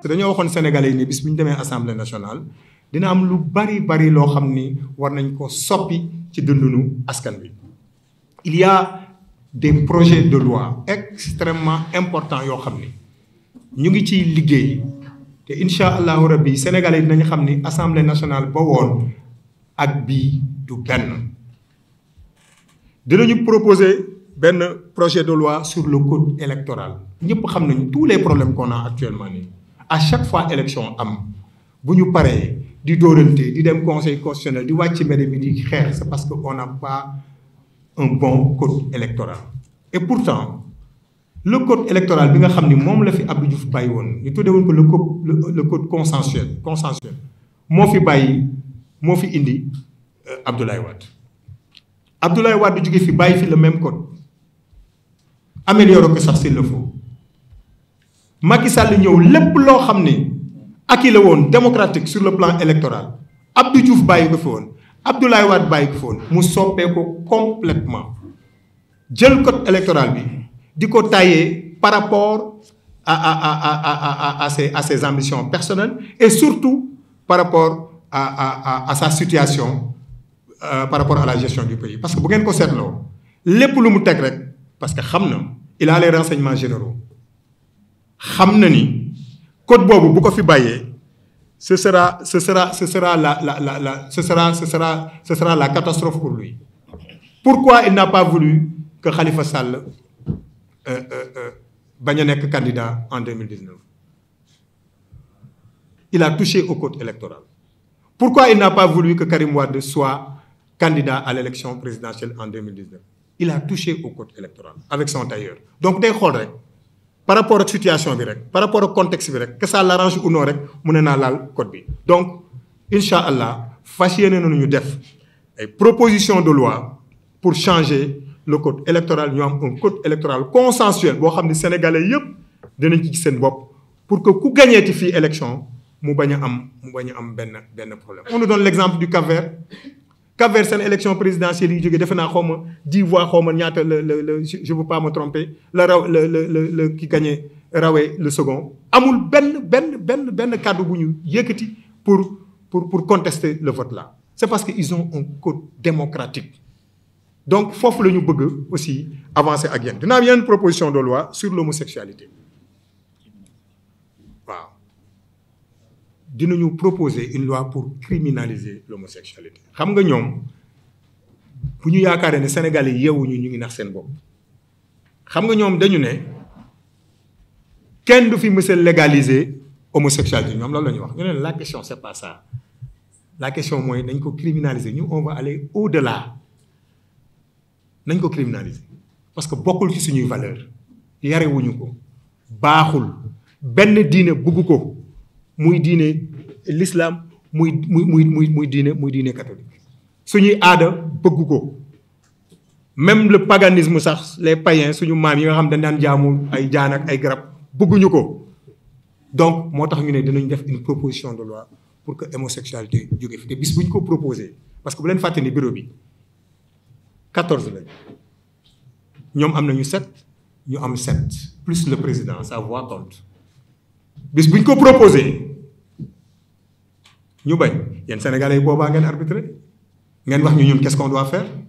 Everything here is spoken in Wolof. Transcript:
te dañoo waxoon sénégalais yi ni bis bu ñu demee assemblée nationale dina am lu bari bari loo xam ni war nañ ko soppi ci dundunu askan bi il yà de projet de loi extrêmement important yoo xam ni ñu ngi ci liggéey te incha allahu rabbi sénégalais yi dinañ xam ni assemblée nationale ba woon ak bii du benn dinañu proposer benn projet de loi sur le code électoral ñëpp xam nañu tous problème problèmes qu'on actuellement nii à chaque fois élection am bu ñu paree di dóorante di dem conseil constitutionnel di wàcc mbedd mi di xeex c'est parce que on a pas un bon code électoral. et pourtant le code électoral bi nga xam ni moom la fi Abdou Diouf bàyyi woon ñu tuddee woon ko le code le code consensuel consensuel moo fi bàyyi moo fi indi euh, Abdoulaye Wade Abdoulaye Wade jóge fi bàyyi le même code amélioré ko sax s'il le faut. Macky Sall ñëw lépp loo xam ne acquis la woon démocratique sur le plan électoral Abdou Diouf bàyyi ko fi woon Abdoulaye Wade bàyyi ko fi woon mu soppee ko complètement jël code électoral bi di ko taillé par rapport à à à à à et surtout par rapport a à à à sa situation euh, par rapport à la gestion du pays parce que bu ngeen ko seetloo lépp lu mu teg rek parce que xam na il a les renseignements généraux. xam na ni code boobu bu ko fi bàyyee ce sera ce sera la la la la ce sera ce sera ce sera catastrophe pour lui pourquoi il n'a pas voulu que Khalifa Sall euh, euh, euh bañ a nekk candidat en 2019 il a touché au code électoral pourquoi il n'a pas voulu que Karim Wade soit candidat à l'élection présidentielle en 2019 il a touché au code électoral avec son tailleur donc day xool rek par rapport ak situation bi rek par rapport ak contexte bi rek que ça l'arrange ou non rek mu ne naa laal code bi donc incha allah fas yéene ñu def ay proposition de loi pour changer le code électoral ñu am un code électoral consensuel boo xam ni sénégalais yëpp danañ ci seen bopp pour que ku gañeeti fii élection mu bañ am mu bañ am benn benn problème on nous donne l'exemple du Cap-Vert Cap Vert seen élection présidentielle yi jógee defe naa xaw ma dix voix ma ñaata la la la je raw ki gagné rawee le second. amul benn benn benn benn kàddu bu ñu yëkkati pour pour pour contester le vote la c'est parce que ils ont un code démocratique. donc foofu la ñu bëgg aussi avancer ak yéen dina am yeneen proposition de loi sur l'homosexualité waaw dinañu proposer une loi pour criminaliser l'homosexualité xam nga ñoom bu ñu yaakaaree ne Sénégal yi yeewuñu ñu ngi nax seen bopp xam nga ñoom dañu ne kenn du fi mës légaliser homosexualité ñoom loolu la ñuy wax ñu ne la question c'est pas la question mooy nañ ko criminaliser ñu on va aller au de là nañ ko criminaliser parce que bokkul ci suñuy valeur yarewuñu ko baaxul benn diine buggu ko muy diine lislaam muy muy muy muy muy diine muy diine catholique suñuy aada bëggu ko même le paganisme sax les païens suñu maam yi nga xam dañ daan jaamu ay jaan ak ay garab bëgguñu ko donc moo tax ñu ne dinañ def une proposition de loi pour que homosexualité jóge fi te bis bu ñu ko proposé parce que bu leen fàtte ni bureau bi 14 lañ ñoom am nañu 7 ñu am 7 plus le président sa voix compte bis bu ñu ko proposé ñu bañ yéen sénégalais yi boobaa ngeen arbitré ngeen wax ñu ñun qu'est-ce qu'on doit faire